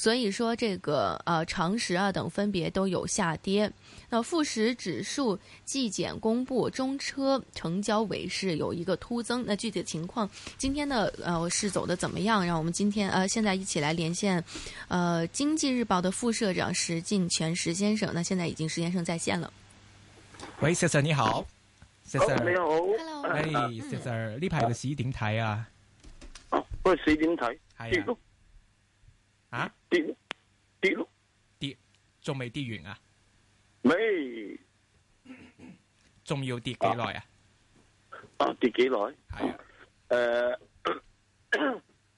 所以說這個呃長實啊，等分別都有下跌，那富時指數季檢公布，中車成交尾市有一個突增，那具體的情況今天的呃市走的怎麼樣？讓我們今天呃現在一起來連線，呃經濟日報的副社長石鏡泉石先生，那現在已經石先生在線了。喂，Sir，你好。你好，你、oh, 好。Hello hey,、uh,。喂，Sir，呢排嘅市點睇啊？哦、uh,，嗰個市點睇？啊跌跌跌，仲未跌，跌完啊？未，仲要跌幾耐啊？哦跌幾耐？係啊。誒、啊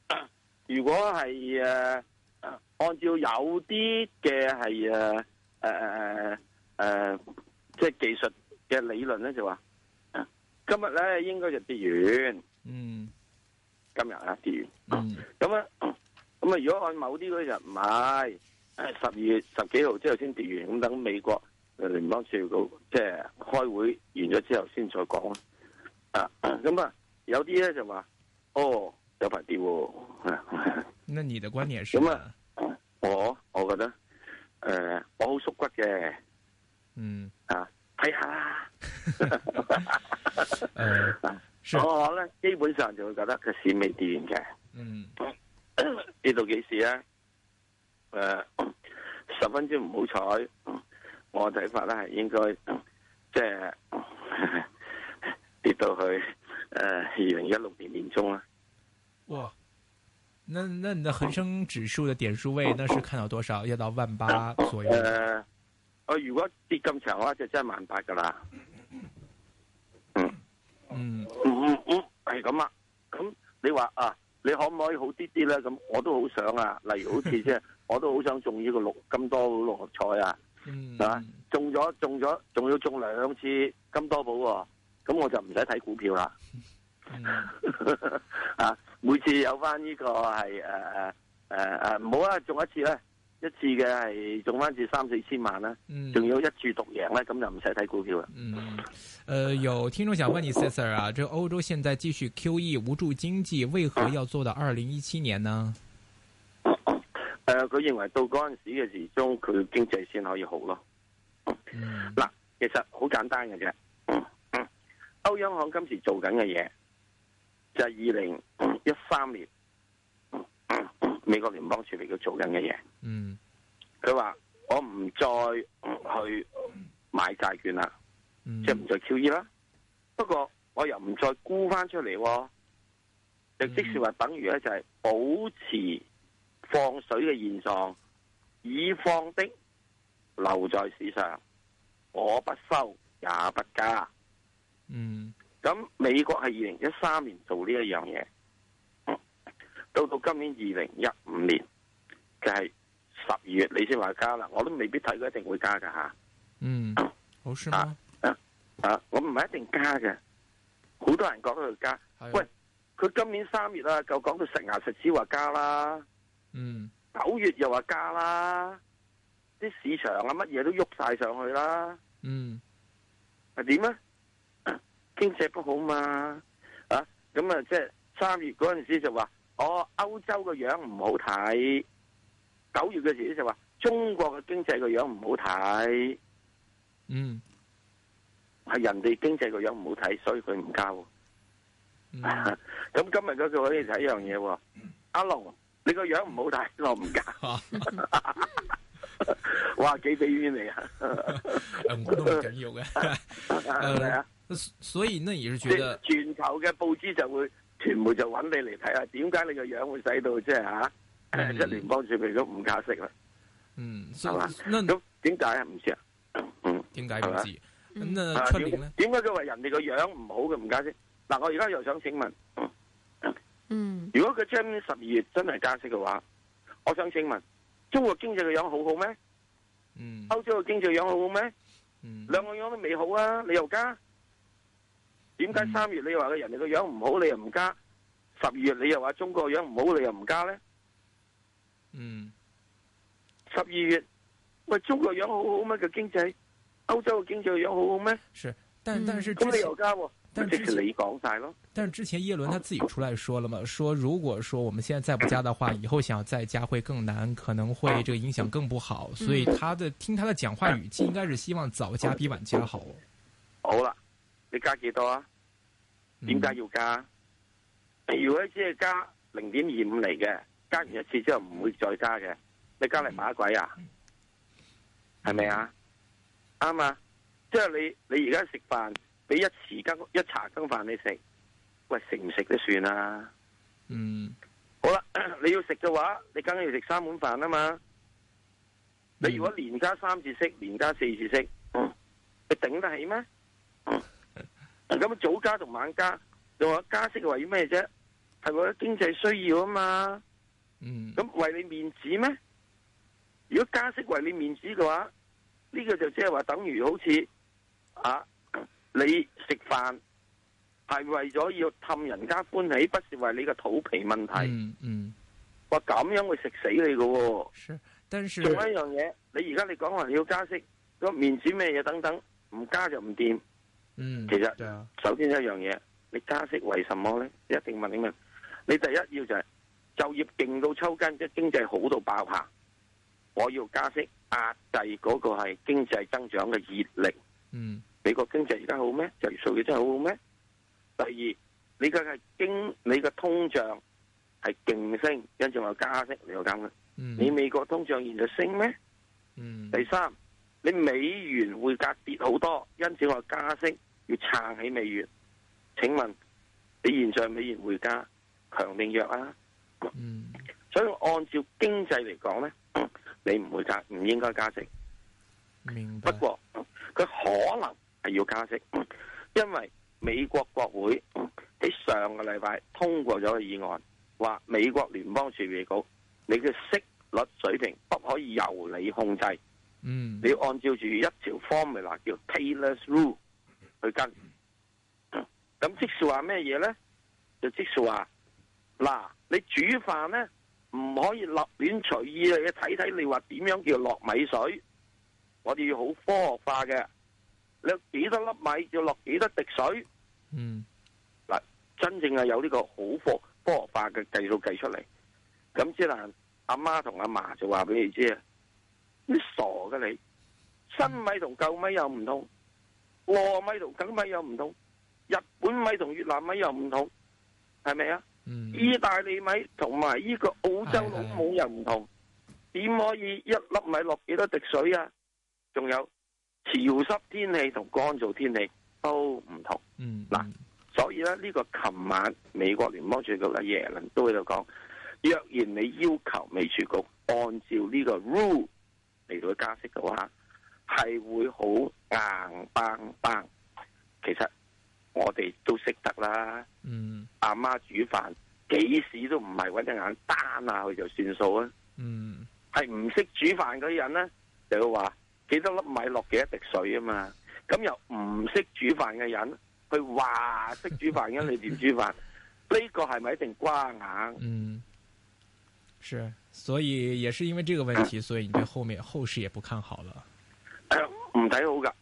啊，如果係誒、啊，按照有啲嘅係誒誒誒誒，即係技術嘅理論咧，就、啊、話今日咧應該就跌完。嗯，今日啊跌完。咁、嗯、啊。咁啊！如果按某啲嗰日唔係，誒十二月十幾號之後先跌完，咁等美國嘅聯邦儲備局即係開會完咗之後先再講。啊！咁啊，有啲咧就話哦，有排跌，啊。那你的觀點是？咁啊，我我覺得，誒、呃，我好縮骨嘅。嗯啊，睇下啦、 呃。我我咧，基本上就會覺得佢市未跌完嘅。嗯。跌到幾時啊？誒、呃，十分之唔好彩。我睇法，咧係應該，即、嗯、係跌到去誒二零一六年年中啦。哇！那那你的恒生指數的點數位，那是看到多少？要到萬八左右。誒、呃，我、呃呃、如果跌咁長嘅話，就真係萬八噶啦。嗯嗯嗯嗯，係、嗯、咁啊。咁你話啊？你可唔可以好啲啲咧？咁我都好想啊！例如好似即係，我都好想中呢個六金多寶六合彩啊！嗯、中咗中咗，仲要中兩次金多寶喎、哦！咁我就唔使睇股票啦。嗯、 啊，每次有翻、這、呢個係誒誒誒誒，唔、啊啊啊、好呀，中一次咧。一次嘅係用返至三四千萬啦，嗯，仲有一注獨贏咧，咁就唔使睇股票啦。嗯，誒、呃，有聽眾想問你、呃，Sir 啊，就歐洲現在繼續 QE 無助經濟，為何要做到二零一七年呢？誒、呃，佢認為到嗰陣時嘅時鐘，佢經濟先可以好咯。嗱、嗯，其實好簡單嘅啫。歐央行今時做緊嘅嘢就係二零一三年。美國聯邦儲備佢做緊嘅嘢，佢話我唔再唔去買債券啦，即係唔再 QE 啦。不過我又唔再沽翻出嚟，即係即是話等於咧就係保持放水嘅現狀，已放的留在市上，我不收也不加。嗯，咁美國係二零一三年做呢一樣嘢。到到今年二零一五年，就係十二月，你先話加啦，我都未必睇佢一定會加噶吓。嗯，啊好是啊啊我唔係一定加嘅，好多人講佢加。喂，佢今年三月啊，夠講到實牙實齒話加啦。嗯，九月又話加啦，啲市場啊乜嘢都喐晒上去啦。嗯，係點啊經濟不好嘛啊！咁啊，即係三月嗰陣時就話。我、哦、歐洲嘅樣唔好睇，九月嘅時候就話中國嘅經濟個樣唔好睇，嗯，係人哋經濟個樣唔好睇，所以佢唔加。咁、嗯啊、今日嗰句可以睇一樣嘢、嗯，阿龍你個樣唔好睇，我唔加。 哇，幾俾面你啊！ 嗯、我緊要嘅，係咪啊？所以呢，而是覺得全球嘅報紙就會。全部就揾你嚟睇下，點解你個樣會使到即係吓，一年幫住佢都唔加息啦，嗯，咁點解唔知啊？嗯，點解唔知、啊？咁點解佢話人哋個樣唔好嘅唔加息？嗱、啊，我而家又想請問，嗯，嗯如果佢將十二月真係加息嘅話，我想請問，中國經濟嘅樣好好咩？嗯，歐洲嘅經濟樣好好咩？兩、嗯、個樣都未好啊，你又加？點解三月你話嘅人哋個樣唔好，你又唔加？十二月你又話中國個樣唔好，你又唔加咧？嗯，十二月喂，中國個樣好好咩？個經濟，歐洲嘅經濟個樣好好咩？是，但、嗯、但是你又加、哦，但係你講晒咯。但是之前耶倫他自己出來說了嘛，說如果說我們現在再不加的話，以後想要再加會更難，可能會這個影響更不好。嗯、所以他的聽他的講話語氣，應該是希望早加比晚加好。好啦，你加幾多啊？點、嗯、解要加？如果只係加零點二五嚟嘅，加完一次之後唔會再加嘅，你加嚟馬鬼啊？係、嗯、咪啊？啱、嗯、啊！即係、就是、你你而家食飯，俾一匙羹一茶羹飯你食，喂食唔食都算啦。嗯，好啦，你要食嘅話，你梗係要食三碗飯啦嘛。你如果連加三次息，連加四次息，嗯、你頂得起咩？咁早加同晚加，又話加息是為咩啫？係為咗經濟需要啊嘛。嗯，咁為你面子咩？如果加息為你面子嘅話，呢個就即係話等於好似啊，你食飯係為咗要氹人家歡喜，不是為你個肚皮問題。嗯嗯，話咁樣會食死你嘅。是，但是仲有一樣嘢，你而家你講話要加息個面子咩嘢等等，唔加就唔掂。嗯，其實首先一樣嘢，你加息為什麼咧？一定問你問，你第一要就係就業勁到抽筋，即係經濟好到爆棚，我要加息壓制嗰個係經濟增長嘅熱力。嗯，美國經濟而家好咩？就業數據真係好好咩？第二，你嘅係經，你嘅通脹係勁升，跟住我加息你就減啦。嗯，你美國通脹而家升咩？嗯，第三。你美元匯價跌好多，因此我加息要撐起美元。請問你現在美元匯價強定弱啊？嗯，所以按照經濟嚟講咧，你唔會加，唔應該加息。明白。不過佢可能係要加息，因為美國國會喺上個禮拜通過咗個議案，話美國聯邦儲備局你嘅息率水平不可以由你控制。嗯，你要按照住一條 formula，叫 Taylor rule 去跟。咁、嗯、即係話咩嘢咧？就即係話嗱，你煮飯咧唔可以立亂隨意嘅，睇睇你話點樣叫落米水，我哋要好科學化嘅。你有幾多粒米要落幾多滴水？嗯，嗱，真正係有呢個好科學科學化嘅計數計出嚟。咁即係阿媽同阿嫲就話、是、俾你知啊。傻噶你，新米同舊米又唔同，糯米同梗米又唔同，日本米同越南米又唔同，係咪啊？意大利米同埋呢個澳洲老母又唔同，點、嗯、可以一粒米落幾多滴水啊？仲有潮濕天氣同乾燥天氣都唔同。嗱、嗯，所以咧呢個琴晚美國聯儲局嘅耶倫都喺度講，若然你要求美儲局按照呢個 rule，如果、 嗯、加息嘅話，係會好硬邦邦。其實我哋都識得啦，嗯，阿媽煮飯幾時都唔係搵隻眼單下去就算數啊，嗯，係唔識煮飯啲人咧，就要話幾多粒米落幾多滴水啊嘛，咁又唔識煮飯嘅人，佢話識煮飯，嘅你點煮飯？呢個係咪一定瓜硬？嗯。是，所以也是因為這個問題，所以你對後面後市也不看好了。哎、嗯、呀，唔、呃、睇好噶，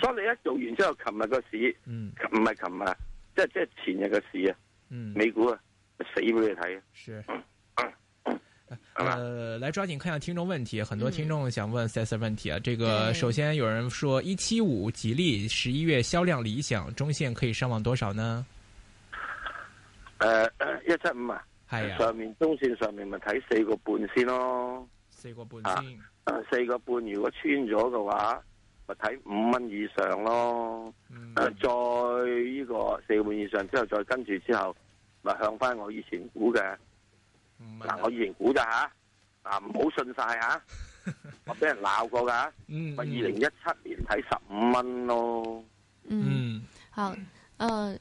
所以一做完之後，琴日個市，唔係琴日，即係即係前日個市啊，美股啊、嗯，死俾你睇啊。是，係、嗯、嘛、嗯？呃，來抓緊看下聽眾問題，很多聽眾想問石 Sir 啲問題啊、嗯。這個首先有人說一七五吉利十一月銷量理想中線可以上望多少呢？呃，一七五啊。1, 7, 啊、上面中線上面咪睇四個半先咯，四個半先，啊、呃、四個半如果穿咗嘅話，咪睇五蚊以上咯，嗯、啊再呢、這個四個半以上之後再跟住之後咪向翻我以前估嘅，嗱、啊啊、我以前估咋吓，嗱唔好信晒、啊、吓， 我俾人鬧過噶，我二零一七年睇十五蚊咯，嗯，嗯，嗯好，誒、呃。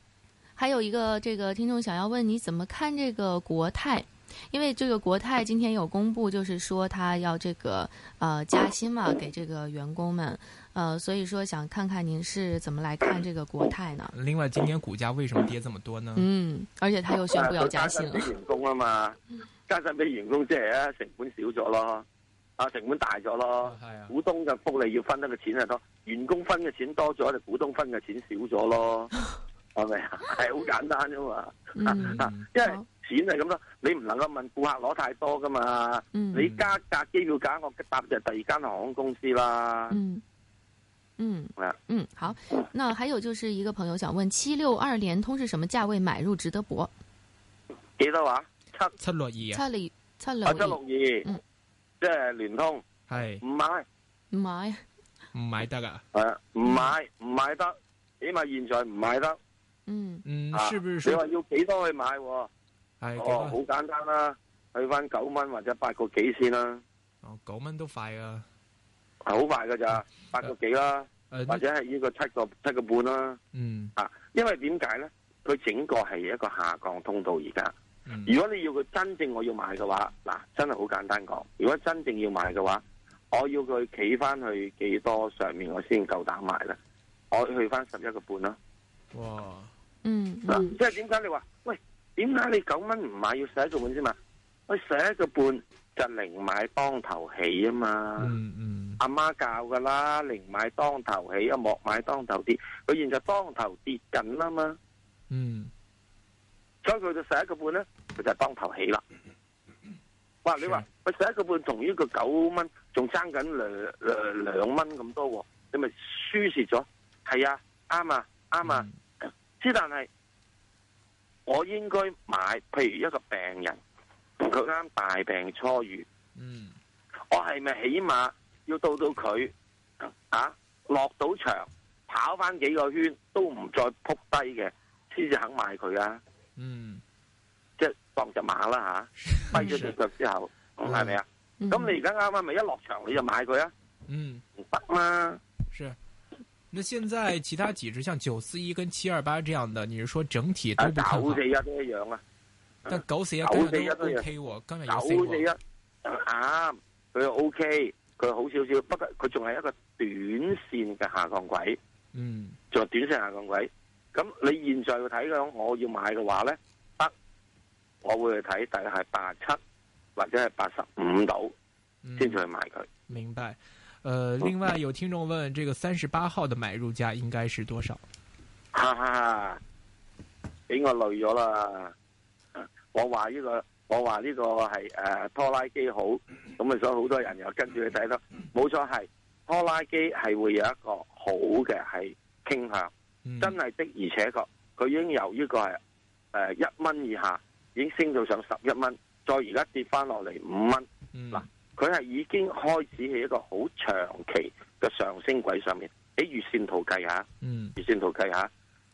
還有一個這個聽眾想要問你怎麼看這個國泰，因為這個國泰今天有公布，就是說他要這個呃加薪嘛，給這個員工們，呃，所以說想看看您是怎麼來看這個國泰呢？另外，今天股價為什麼跌這麼多呢？嗯，而且他又宣布要加薪了。加薪俾員工啊嘛，加薪俾員工即係啊，成本少咗咯，啊，成本大咗咯，係啊，股東嘅福利要分得嘅錢係多，員工分嘅錢多咗，就股東分嘅錢少咗咯。係咪啊？係好簡單啫嘛，嗯、 因為錢係咁咯，你唔能夠問顧客攞太多噶嘛、嗯。你加價機票價，我搭就第二間航空公司啦。嗯，嗯係啊，嗯好。那還有就是一個朋友想問：七六二聯通是什麼價位買入值得博？幾多話？七七六二啊？七六七六二，啊，七六二，即係聯通係。唔買？唔買？唔買得啊？係啊，唔買唔買得，起碼現在唔買得。嗯，嗯啊、是不你話要幾多去買、啊？係哦，好簡單啦、啊，去翻九蚊或者八個幾先啦、啊。哦，九蚊都快啊，係、啊、好快噶咋？八個幾啦、啊啊，或者係呢個七個七個半啦、啊。嗯，啊、因為點解咧？佢整個係一個下降通道而家、嗯。如果你要佢真正我要買嘅話，嗱、啊，真係好簡單講。如果真正要買嘅話，我要佢企翻去幾多上面我先夠膽買咧？我要去翻十一個半啦、啊。哇！嗯嗱、嗯啊，即係點解你話喂？點解你九蚊唔買要寫一個半先嘛？喂，寫一個半就零買當頭起啊嘛！嗯嗯，阿、啊、媽教噶啦，零買當頭起，莫買當頭跌。佢現在當頭跌緊啦嘛，嗯，所以佢就寫一個半咧，佢就係當頭起啦。哇！你話喂，寫一個半個元，同呢個九蚊仲爭緊兩兩兩蚊咁多、啊，你咪輸蝕咗？係啊，啱啊，啱啊。之但係，我應該買，譬如一個病人，佢啱大病初愈，嗯，我係咪起碼要到到佢啊落到場跑翻幾個圈都唔再撲低嘅，先至肯買佢啊，嗯，即係當隻馬啦吓，跛咗隻腳之後，係咪啊？咁、嗯、你而家啱啱咪一落場你就買佢啊？嗯，唔得嘛，是。那現在其他幾隻像九四一跟七二八這樣的，你是說整體都不靠譜九四一都一樣但都 OK, 都 OK, sale, 941, 啊。九四一九四一今樣。九四一啱，佢 OK，佢好少少，不過佢仲係一個短線嘅下降軌。嗯。就短線下降軌，咁你現在要睇嘅，我要買嘅話咧，得我會去睇，大概係八十七或者係八十五度先至去買佢、嗯。明白。呃，另外有聽眾問，這個三十八號的買入價應該是多少？哈、啊、哈，俾我累咗啦！我話呢、這個，我話呢個係誒、呃、拖拉機好，咁、嗯、啊，所以好多人又跟住去睇咯。冇、嗯、錯係拖拉機係會有一個好嘅係傾向，嗯、真係的，的，而且確佢已經由呢個係誒一蚊以下，已經升到上十一蚊，再而家跌翻落嚟五蚊，嗱、嗯。佢係已經開始喺一個好長期嘅上升軌上面，喺月線圖計下，月線圖計下，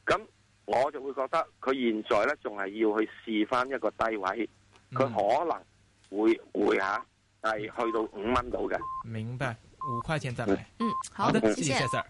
咁、嗯、我就會覺得佢現在咧仲係要去試返一個低位，佢可能會回下，係、嗯、去到五蚊度嘅。明白，五塊錢再嚟。嗯，好的，謝謝，謝，謝。